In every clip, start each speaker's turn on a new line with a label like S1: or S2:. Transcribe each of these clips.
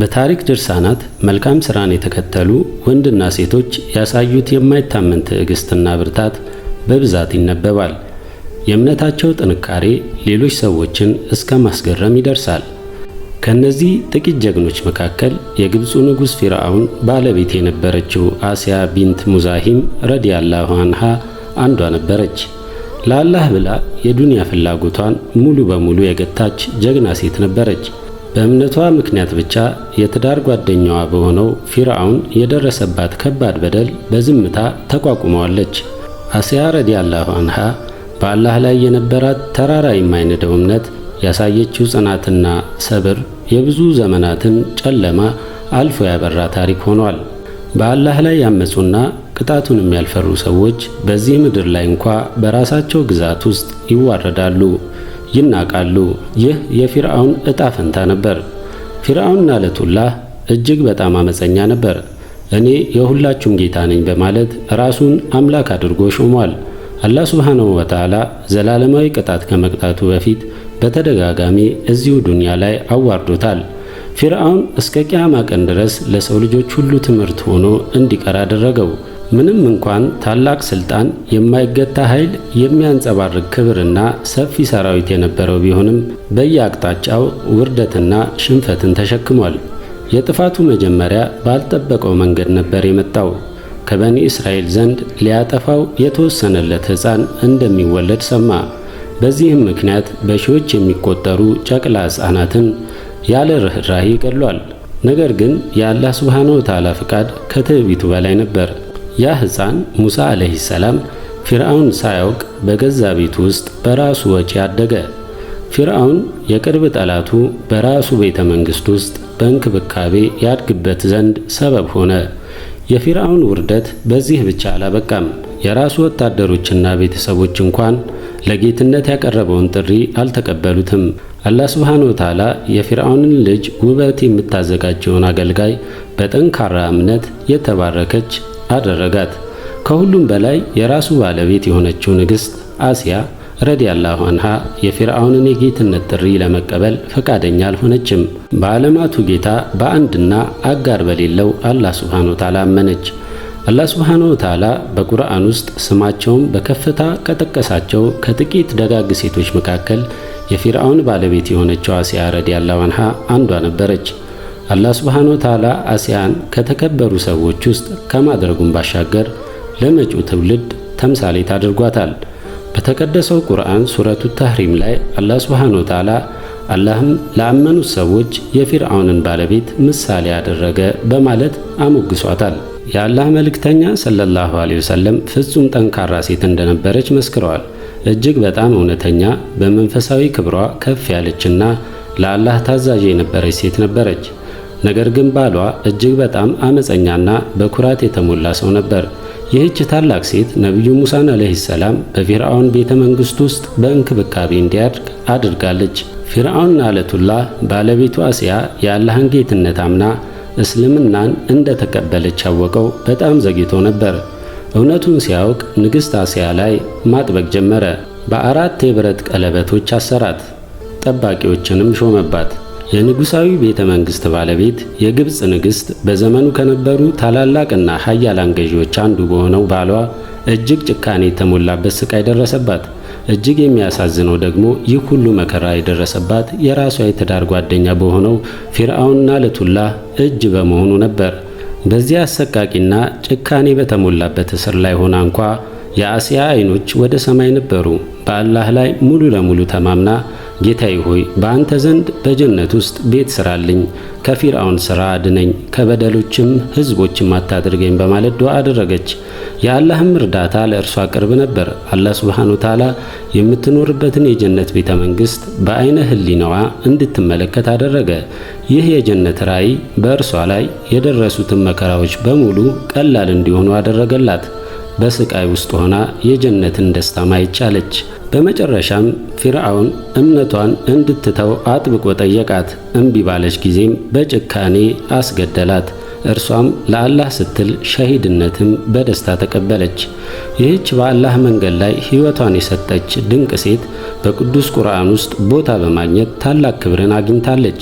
S1: በታሪክ ድርሳናት መልካም ስራን የተከተሉ ወንድና ሴቶች ያሳዩት የማይታመን ትዕግስትና ብርታት በብዛት ይነበባል። የእምነታቸው ጥንካሬ ሌሎች ሰዎችን እስከ ማስገረም ይደርሳል። ከእነዚህ ጥቂት ጀግኖች መካከል የግብፁ ንጉሥ ፊርዓውን ባለቤት የነበረችው አሲያ ቢንት ሙዛሂም ረዲያላሁ አንሃ አንዷ ነበረች። ለአላህ ብላ የዱንያ ፍላጎቷን ሙሉ በሙሉ የገታች ጀግና ሴት ነበረች። በእምነቷ ምክንያት ብቻ የትዳር ጓደኛዋ በሆነው ፊርዓውን የደረሰባት ከባድ በደል በዝምታ ተቋቁመዋለች። አስያ ረዲያላሁ አንሃ በአላህ ላይ የነበራት ተራራ የማይነደው እምነት ያሳየችው ጽናትና ሰብር የብዙ ዘመናትን ጨለማ አልፎ ያበራ ታሪክ ሆኗል። በአላህ ላይ ያመፁና ቅጣቱንም ያልፈሩ ሰዎች በዚህ ምድር ላይ እንኳ በራሳቸው ግዛት ውስጥ ይዋረዳሉ። ይናቃሉ። ይህ የፊርዓውን እጣ ፈንታ ነበር። ፊርአውን ናለቱላህ እጅግ በጣም አመፀኛ ነበር። እኔ የሁላችሁም ጌታ ነኝ በማለት ራሱን አምላክ አድርጎ ሾሟል። አላህ ሱብሓነሁ ወተዓላ ዘላለማዊ ቅጣት ከመቅጣቱ በፊት በተደጋጋሚ እዚሁ ዱንያ ላይ አዋርዶታል። ፊርአውን እስከ ቅያማ ቀን ድረስ ለሰው ልጆች ሁሉ ትምህርት ሆኖ እንዲቀር አደረገው። ምንም እንኳን ታላቅ ስልጣን፣ የማይገታ ኃይል፣ የሚያንጸባርቅ ክብርና ሰፊ ሰራዊት የነበረው ቢሆንም በየአቅጣጫው ውርደትና ሽንፈትን ተሸክሟል። የጥፋቱ መጀመሪያ ባልጠበቀው መንገድ ነበር የመጣው። ከበኒ እስራኤል ዘንድ ሊያጠፋው የተወሰነለት ሕፃን እንደሚወለድ ሰማ። በዚህም ምክንያት በሺዎች የሚቆጠሩ ጨቅላ ሕፃናትን ያለ ርኅራኄ ገድሏል። ነገር ግን የአላህ ሱብሓነሁ ወተዓላ ፍቃድ ከትዕቢቱ በላይ ነበር። ያ ሕፃን ሙሳ ዓለይሂ ሰላም ፊርዓውን ሳያውቅ በገዛ ቤቱ ውስጥ በራሱ ወጪ አደገ። ፊርዓውን የቅርብ ጠላቱ በራሱ ቤተ መንግሥት ውስጥ በእንክብካቤ ያድግበት ዘንድ ሰበብ ሆነ። የፊርዓውን ውርደት በዚህ ብቻ አላበቃም። የራሱ ወታደሮችና ቤተሰቦች እንኳን ለጌትነት ያቀረበውን ጥሪ አልተቀበሉትም። አላህ ስብሓነ ወተዓላ የፊርዓውንን ልጅ ውበት የምታዘጋጀውን አገልጋይ በጠንካራ እምነት የተባረከች አደረጋት። ከሁሉም በላይ የራሱ ባለቤት የሆነችው ንግሥት አሲያ ረዲያላሁ አንሃ የፊርዓውንን የጌትነት ጥሪ ለመቀበል ፈቃደኛ አልሆነችም። በዓለማቱ ጌታ በአንድና አጋር በሌለው አላህ ሱብሓነ ወተዓላ አመነች። አላህ ሱብሓነ ወተዓላ በቁርአን ውስጥ ስማቸውን በከፍታ ከጠቀሳቸው ከጥቂት ደጋግ ሴቶች መካከል የፊርዓውን ባለቤት የሆነችው አሲያ ረዲያላሁ አንሃ አንዷ ነበረች። አላህ ስብሓን ወተዓላ አሲያን ከተከበሩ ሰዎች ውስጥ ከማድረጉም ባሻገር ለመጪው ትውልድ ተምሳሌት አድርጓታል። በተቀደሰው ቁርአን ሱረቱ ተህሪም ላይ አላህ ስብሓን ወተዓላ አላህም ለአመኑት ሰዎች የፊርዓውንን ባለቤት ምሳሌ ያደረገ በማለት አሞግሷታል። የአላህ መልእክተኛ ሰለላሁ ዐለይሂ ወሰለም ፍጹም ጠንካራ ሴት እንደነበረች መስክረዋል። እጅግ በጣም እውነተኛ፣ በመንፈሳዊ ክብሯ ከፍ ያለችና ለአላህ ታዛዥ የነበረች ሴት ነበረች። ነገር ግን ባሏ እጅግ በጣም አመፀኛና በኩራት የተሞላ ሰው ነበር። ይህች ታላቅ ሴት ነቢዩ ሙሳን ዓለይሂ ሰላም በፊርዓውን ቤተ መንግስት ውስጥ በእንክብካቤ እንዲያድግ አድርጋለች። ፊርዓውን አለቱላህ ባለቤቱ አሲያ የአላህን ጌትነት አምና እስልምናን እንደተቀበለች ያወቀው በጣም ዘግይቶ ነበር። እውነቱን ሲያውቅ ንግሥት አሲያ ላይ ማጥበቅ ጀመረ። በአራት የብረት ቀለበቶች አሰራት፣ ጠባቂዎችንም ሾመባት። የንጉሣዊ ቤተ መንግስት ባለቤት የግብፅ ንግሥት በዘመኑ ከነበሩ ታላላቅና ኃያላን ገዢዎች አንዱ በሆነው ባሏ እጅግ ጭካኔ የተሞላበት ስቃይ ደረሰባት። እጅግ የሚያሳዝነው ደግሞ ይህ ሁሉ መከራ የደረሰባት የራሷ የትዳር ጓደኛ በሆነው ፊርዓውንና ለቱላ እጅ በመሆኑ ነበር። በዚህ አሰቃቂና ጭካኔ በተሞላበት እስር ላይ ሆና እንኳ የአስያ አይኖች ወደ ሰማይ ነበሩ። በአላህ ላይ ሙሉ ለሙሉ ተማምና ጌታዬ ሆይ በአንተ ዘንድ በጀነት ውስጥ ቤት ስራልኝ፣ ከፊርአውን ስራ አድነኝ፣ ከበደሎችም ሕዝቦችም አታድርገኝ በማለት ዱዓ አደረገች። የአላህም እርዳታ ለእርሷ ቅርብ ነበር። አላህ ሱብሓነ ወተዓላ የምትኖርበትን የጀነት ቤተ መንግሥት በአይነ ህሊናዋ እንድትመለከት አደረገ። ይህ የጀነት ራእይ በእርሷ ላይ የደረሱትን መከራዎች በሙሉ ቀላል እንዲሆኑ አደረገላት። በስቃይ ውስጥ ሆና የጀነትን ደስታ ማየት ቻለች። በመጨረሻም ፊርዓውን እምነቷን እንድትተው አጥብቆ ጠየቃት። እምቢ ባለች ጊዜም በጭካኔ አስገደላት። እርሷም ለአላህ ስትል ሸሂድነትም በደስታ ተቀበለች። ይህች በአላህ መንገድ ላይ ሕይወቷን የሰጠች ድንቅ ሴት በቅዱስ ቁርአን ውስጥ ቦታ በማግኘት ታላቅ ክብርን አግኝታለች።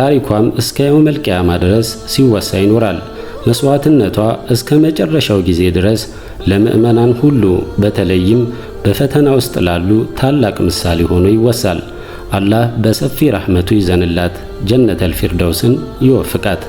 S1: ታሪኳም እስከ የውመል ቂያማ ድረስ ሲወሳ ይኖራል። መስዋዕትነቷ እስከ መጨረሻው ጊዜ ድረስ ለምእመናን ሁሉ በተለይም በፈተና ውስጥ ላሉ ታላቅ ምሳሌ ሆኖ ይወሳል። አላህ በሰፊ ራህመቱ ይዘንላት ጀነተል ፊርደውስን ይወፍቃት።